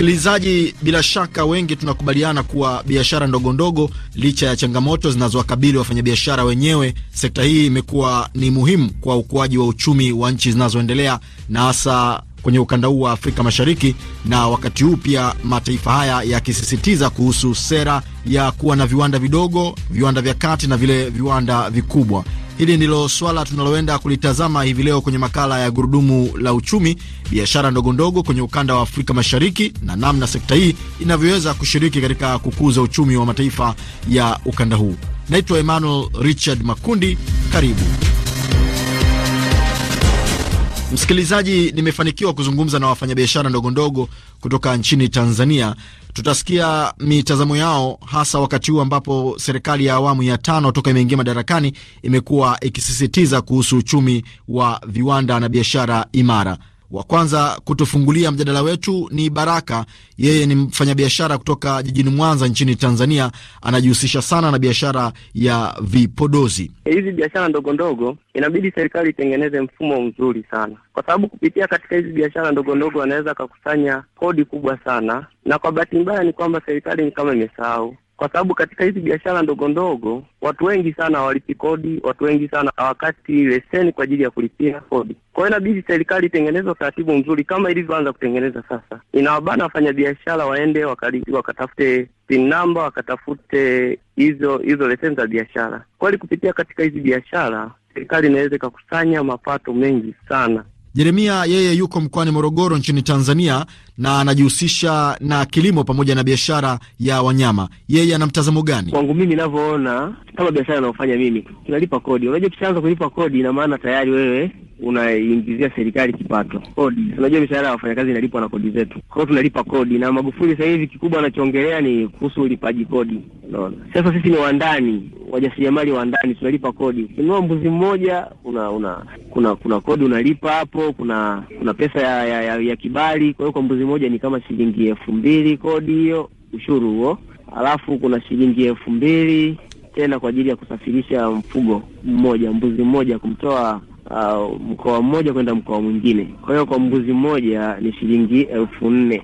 Msikilizaji, bila shaka wengi tunakubaliana kuwa biashara ndogo ndogo, licha ya changamoto zinazowakabili wafanyabiashara wenyewe, sekta hii imekuwa ni muhimu kwa ukuaji wa uchumi wa nchi zinazoendelea na hasa kwenye ukanda huu wa Afrika Mashariki, na wakati huu pia mataifa haya yakisisitiza kuhusu sera ya kuwa na viwanda vidogo, viwanda vya kati na vile viwanda vikubwa. Hili ndilo swala tunaloenda kulitazama hivi leo kwenye makala ya gurudumu la uchumi, biashara ndogo ndogo kwenye ukanda wa Afrika Mashariki na namna sekta hii inavyoweza kushiriki katika kukuza uchumi wa mataifa ya ukanda huu. Naitwa Emmanuel Richard Makundi, karibu. Msikilizaji, nimefanikiwa kuzungumza na wafanyabiashara ndogondogo kutoka nchini Tanzania. Tutasikia mitazamo yao, hasa wakati huu ambapo serikali ya awamu ya tano toka imeingia madarakani imekuwa ikisisitiza kuhusu uchumi wa viwanda na biashara imara. Wa kwanza kutufungulia mjadala wetu ni Baraka. Yeye ni mfanyabiashara kutoka jijini Mwanza nchini Tanzania, anajihusisha sana na biashara ya vipodozi. Hizi biashara ndogo ndogo inabidi serikali itengeneze mfumo mzuri sana, kwa sababu kupitia katika hizi biashara ndogo ndogo wanaweza akakusanya kodi kubwa sana, na kwa bahati mbaya ni kwamba serikali ni kama imesahau kwa sababu katika hizi biashara ndogo ndogo watu wengi sana hawalipi kodi, watu wengi sana hawakati leseni kwa ajili ya kulipia kodi. Kwa hiyo inabidi serikali itengeneze utaratibu mzuri kama ilivyoanza kutengeneza sasa, inawabana wafanyabiashara waende wakatafute PIN namba, wakatafute hizo hizo leseni za biashara. Kweli kupitia katika hizi biashara serikali inaweza ikakusanya mapato mengi sana. Jeremia yeye yuko mkoani Morogoro nchini Tanzania na anajihusisha na kilimo pamoja na biashara ya wanyama. Yeye ana mtazamo gani? Kwangu mimi ninavyoona, kama biashara inayofanya mimi tunalipa kodi. Unajua, kishaanza kulipa kodi, ina maana tayari wewe unaingizia serikali kipato kodi. Unajua mishahara ya wafanyakazi inalipwa na kodi zetu, kwa hiyo tunalipa kodi. Na Magufuli sasa hivi kikubwa anachoongelea ni kuhusu ulipaji kodi, unaona. Sasa sisi ni wandani wajasiriamali wa ndani tunalipa kodi. Ukinunua mbuzi mmoja una, una kuna kuna kodi unalipa hapo, kuna kuna pesa ya, ya, ya, ya kibali. Kwa hiyo kwa mbuzi mmoja ni kama shilingi elfu mbili kodi hiyo, ushuru huo, alafu kuna shilingi elfu mbili tena kwa ajili ya kusafirisha mfugo mmoja, mbuzi mmoja kumtoa Uh, mkoa mmoja kwenda mkoa mwingine. Kwa hiyo kwa mbuzi mmoja ni shilingi elfu nne.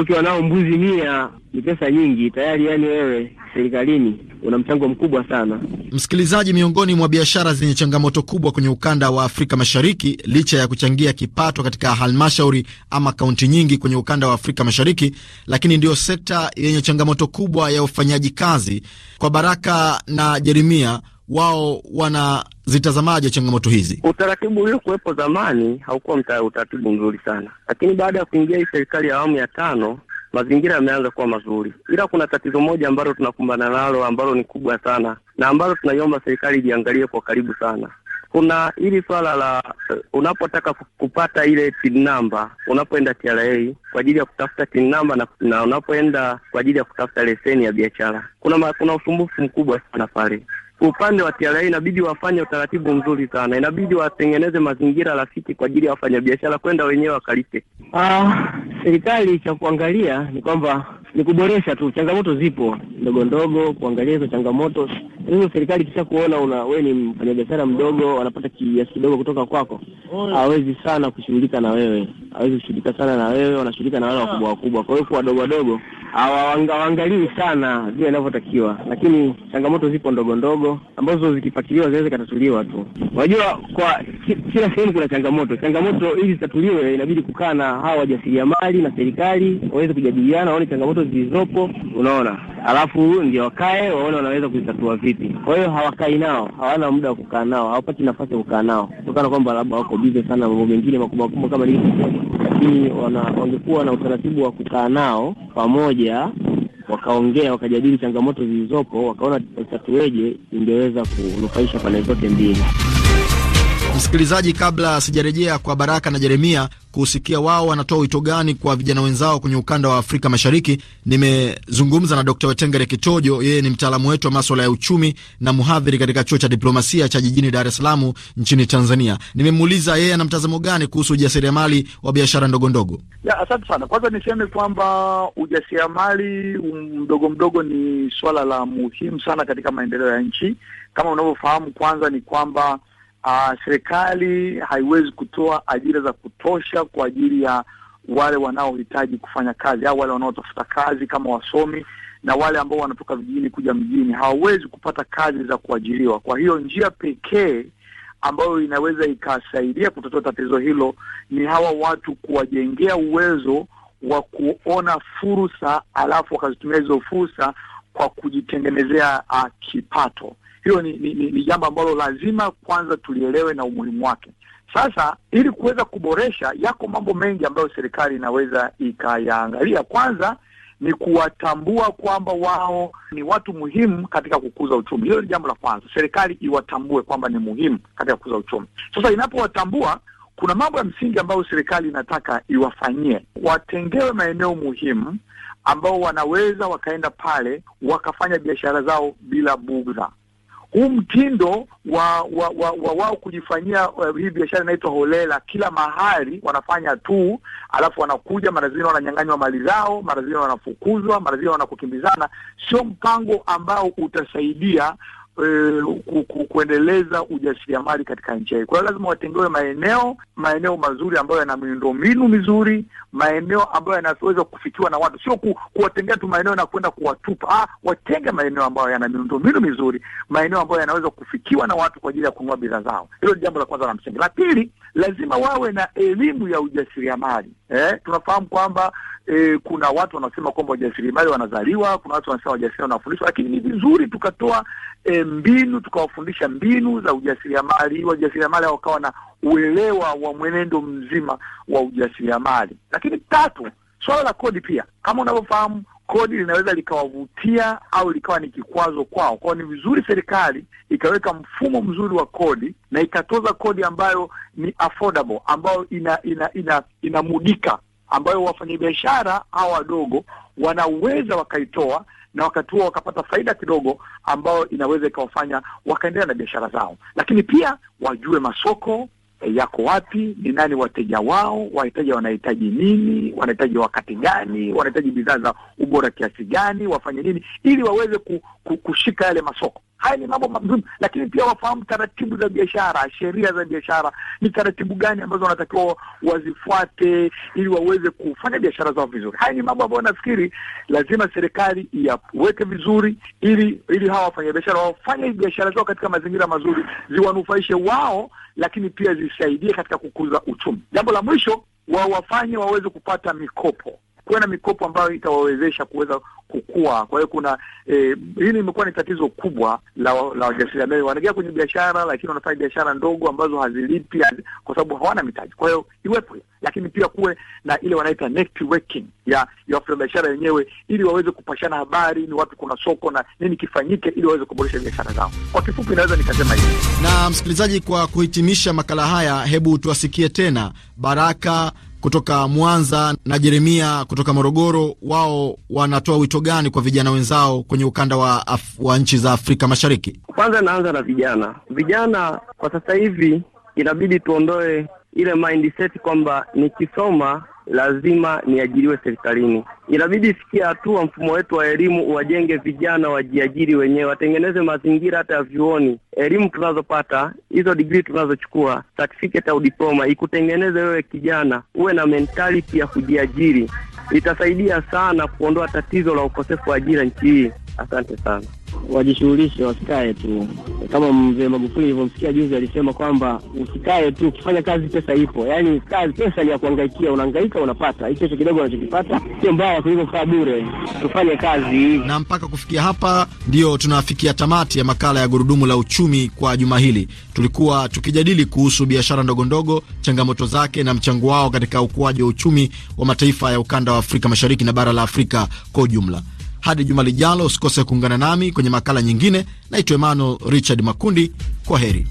Ukiwa nao mbuzi mia ni pesa nyingi tayari, yani wewe serikalini una mchango mkubwa sana. Msikilizaji, miongoni mwa biashara zenye changamoto kubwa kwenye ukanda wa Afrika Mashariki, licha ya kuchangia kipato katika halmashauri ama kaunti nyingi kwenye ukanda wa Afrika Mashariki, lakini ndiyo sekta yenye changamoto kubwa ya ufanyaji kazi. Kwa Baraka na Jeremia, wao wanazitazamaje changamoto hizi? Utaratibu uliokuwepo zamani haukuwa utaratibu mzuri sana, lakini baada ya kuingia hii serikali ya awamu ya tano mazingira yameanza kuwa mazuri, ila kuna tatizo moja ambalo tunakumbana nalo ambalo ni kubwa sana na ambalo tunaiomba serikali ijiangalie kwa karibu sana. Kuna hili swala la eh, unapotaka kupata ile TIN namba unapoenda TRA kwa ajili ya kutafuta TIN namba na, na unapoenda kwa ajili ya kutafuta leseni ya biashara kuna ma, kuna usumbufu mkubwa sana pale upande wa TRA inabidi wafanye utaratibu mzuri sana, inabidi watengeneze mazingira rafiki kwa ajili ya wafanyabiashara kwenda wenyewe wakalipe. Ah, serikali cha kuangalia ni kwamba ni kuboresha tu, changamoto zipo ndogo ndogo, kuangalia hizo changamoto. hizo. serikali kisha kuona una wewe ni mfanyabiashara mdogo, wanapata kiasi kidogo kutoka kwako, hawezi sana kushughulika na wewe hawezi kushirika sana na wewe, wanashirika na wale ah. wakubwa wakubwa. Kwa hiyo wadogo wadogo hawaangaliwi sana vile inavyotakiwa, lakini changamoto zipo ndogo ndogo ambazo zikipakiliwa zinaweza katatuliwa tu. Unajua, kwa kila sehemu kuna changamoto. Changamoto ili zitatuliwe, inabidi kukaa na hawa wajasiriamali na serikali waweze kujadiliana, waone changamoto zilizopo, unaona, alafu ndio wakae waone wanaweza kuzitatua vipi. Kwa hiyo hawakai nao, hawana muda wa kukaa nao, hawapati nafasi ya kukaa nao kutokana kwamba labda wako bize sana mambo mengine makubwa makubwa kama nilivyo lakini wangekuwa na utaratibu wa kukaa nao pamoja, wakaongea, wakajadili changamoto zilizopo, wakaona tatueje, ingeweza kunufaisha pande zote mbili. Msikilizaji, kabla sijarejea kwa Baraka na Jeremia kusikia wao wanatoa wito gani kwa vijana wenzao kwenye ukanda wa Afrika Mashariki, nimezungumza na Dr. Wetengere Kitojo. Yeye ni mtaalamu wetu wa maswala ya uchumi na mhadhiri katika chuo cha diplomasia cha jijini Dar es Salaam nchini Tanzania. Nimemuuliza yeye ana mtazamo gani kuhusu ujasiriamali wa biashara ndogondogo. Asante sana. Kwanza niseme kwamba ujasiriamali mdogo mdogo ni swala la muhimu sana katika maendeleo ya nchi. Kama unavyofahamu, kwanza ni kwamba Uh, serikali haiwezi kutoa ajira za kutosha kwa ajili ya wale wanaohitaji kufanya kazi au wale wanaotafuta kazi kama wasomi na wale ambao wanatoka vijijini kuja mjini hawawezi kupata kazi za kuajiriwa. Kwa hiyo njia pekee ambayo inaweza ikasaidia kutatua tatizo hilo ni hawa watu kuwajengea uwezo wa kuona fursa, alafu wakazitumia hizo fursa kwa kujitengenezea uh, kipato. Hilo ni, ni, ni, ni jambo ambalo lazima kwanza tulielewe na umuhimu wake. Sasa ili kuweza kuboresha, yako mambo mengi ambayo serikali inaweza ikayaangalia. Kwanza ni kuwatambua kwamba wao ni watu muhimu katika kukuza uchumi. Hilo ni jambo la kwanza, serikali iwatambue kwamba ni muhimu katika kukuza uchumi. Sasa inapowatambua kuna mambo ya msingi ambayo serikali inataka iwafanyie. Watengewe maeneo muhimu ambao wanaweza wakaenda pale wakafanya biashara zao bila bugdha. Huu mtindo wa wao wa, wa, wa kujifanyia uh, hii biashara inaitwa holela, kila mahali wanafanya tu, alafu wanakuja, mara zingine wananyang'anywa mali zao, mara zingine wanafukuzwa, mara zingine wanakukimbizana. Sio mpango ambao utasaidia e, ku, ku, kuendeleza ujasiriamali katika nchi hii. Kwa hiyo lazima watengewe maeneo maeneo mazuri ambayo yana miundombinu mizuri, maeneo ambayo yanaweza kufikiwa na watu, sio ku, kuwatengea tu maeneo na kwenda kuwatupa. Ah, watenge maeneo ambayo yana miundombinu mizuri, maeneo ambayo yanaweza kufikiwa na watu kwa ajili ya kununua bidhaa zao. Hilo ni jambo la kwanza la msingi. La pili lazima wawe na elimu ya ujasiriamali eh. Tunafahamu kwamba eh, kuna watu wanasema kwamba wajasiriamali wanazaliwa, kuna watu wanasema wajasiriamali wanafundishwa, lakini ni vizuri tukatoa eh, mbinu, tukawafundisha mbinu za ujasiriamali, wajasiriamali wakawa na uelewa wa mwenendo mzima wa ujasiriamali. Lakini tatu, swala la kodi pia, kama unavyofahamu kodi linaweza likawavutia au likawa ni kikwazo kwao. Kwao ni vizuri serikali ikaweka mfumo mzuri wa kodi na ikatoza kodi ambayo ni affordable, ambayo ina ina ina inamudika, ambayo wafanyabiashara hawa wadogo wanaweza wakaitoa na wakati huo wakapata faida kidogo ambayo inaweza ikawafanya wakaendelea na biashara zao, lakini pia wajue masoko Eh, yako wapi, ni nani wateja wao, wahitaji wanahitaji nini, wanahitaji wakati gani, wanahitaji bidhaa za ubora kiasi gani, wafanye nini ili waweze ku, ku, kushika yale masoko. Haya ni mambo mazuri, lakini pia wafahamu taratibu za biashara, sheria za biashara, ni taratibu gani ambazo wanatakiwa wazifuate ili waweze kufanya biashara zao vizuri. Haya ni mambo ambayo nafikiri lazima serikali yaweke vizuri, ili ili hawa wafanyabiashara wafanye biashara zao katika mazingira mazuri, ziwanufaishe wao, lakini pia zisaidie katika kukuza uchumi. Jambo la mwisho, wao wafanye waweze kupata mikopo kuwe na mikopo ambayo itawawezesha kuweza kukua. Kwa hiyo kuna eh, hili limekuwa ni tatizo kubwa la la wajasiriamali. Wanaingia kwenye biashara, lakini wanafanya biashara ndogo ambazo hazilipi kwa sababu hawana mitaji. Kwa hiyo iwepo, lakini pia kuwe na ile wanaita networking ya ya wafanyabiashara wenyewe, ili waweze kupashana habari, ni wapi kuna soko na nini kifanyike, ili waweze kuboresha biashara zao. Kwa kifupi, naweza nikasema hivi. Na msikilizaji, kwa kuhitimisha makala haya, hebu tuwasikie tena Baraka kutoka Mwanza na Jeremia kutoka Morogoro, wao wanatoa wito gani kwa vijana wenzao kwenye ukanda wa, af, wa nchi za Afrika Mashariki? Kwanza naanza na vijana. Vijana kwa sasa hivi inabidi tuondoe ile mindset kwamba nikisoma lazima niajiriwe serikalini. Inabidi fikia hatua mfumo wetu wa elimu wajenge vijana wajiajiri wenyewe, watengeneze mazingira hata ya vyuoni. Elimu tunazopata hizo, digrii tunazochukua, certificate au diploma, ikutengeneze wewe kijana uwe na mentality ya kujiajiri. Itasaidia sana kuondoa tatizo la ukosefu wa ajira nchi hii. Asante sana wajishughulishe, wasikae tu. Kama mzee Magufuli alivyomsikia juzi, alisema kwamba usikae tu, ukifanya kazi pesa ipo. Yaani kazi, pesa ni ya kuangaikia, unaangaika unapata hicho kidogo unachokipata, sio mbaya kuliko kukaa bure. Tufanye kazi. Na mpaka kufikia hapa, ndio tunafikia tamati ya makala ya Gurudumu la Uchumi kwa juma hili. Tulikuwa tukijadili kuhusu biashara ndogondogo, changamoto zake na mchango wao katika ukuaji wa uchumi wa mataifa ya ukanda wa Afrika Mashariki na bara la Afrika kwa ujumla. Hadi juma lijalo, usikose kuungana nami kwenye makala nyingine. Naitwa Emmanuel Richard Makundi, kwa heri.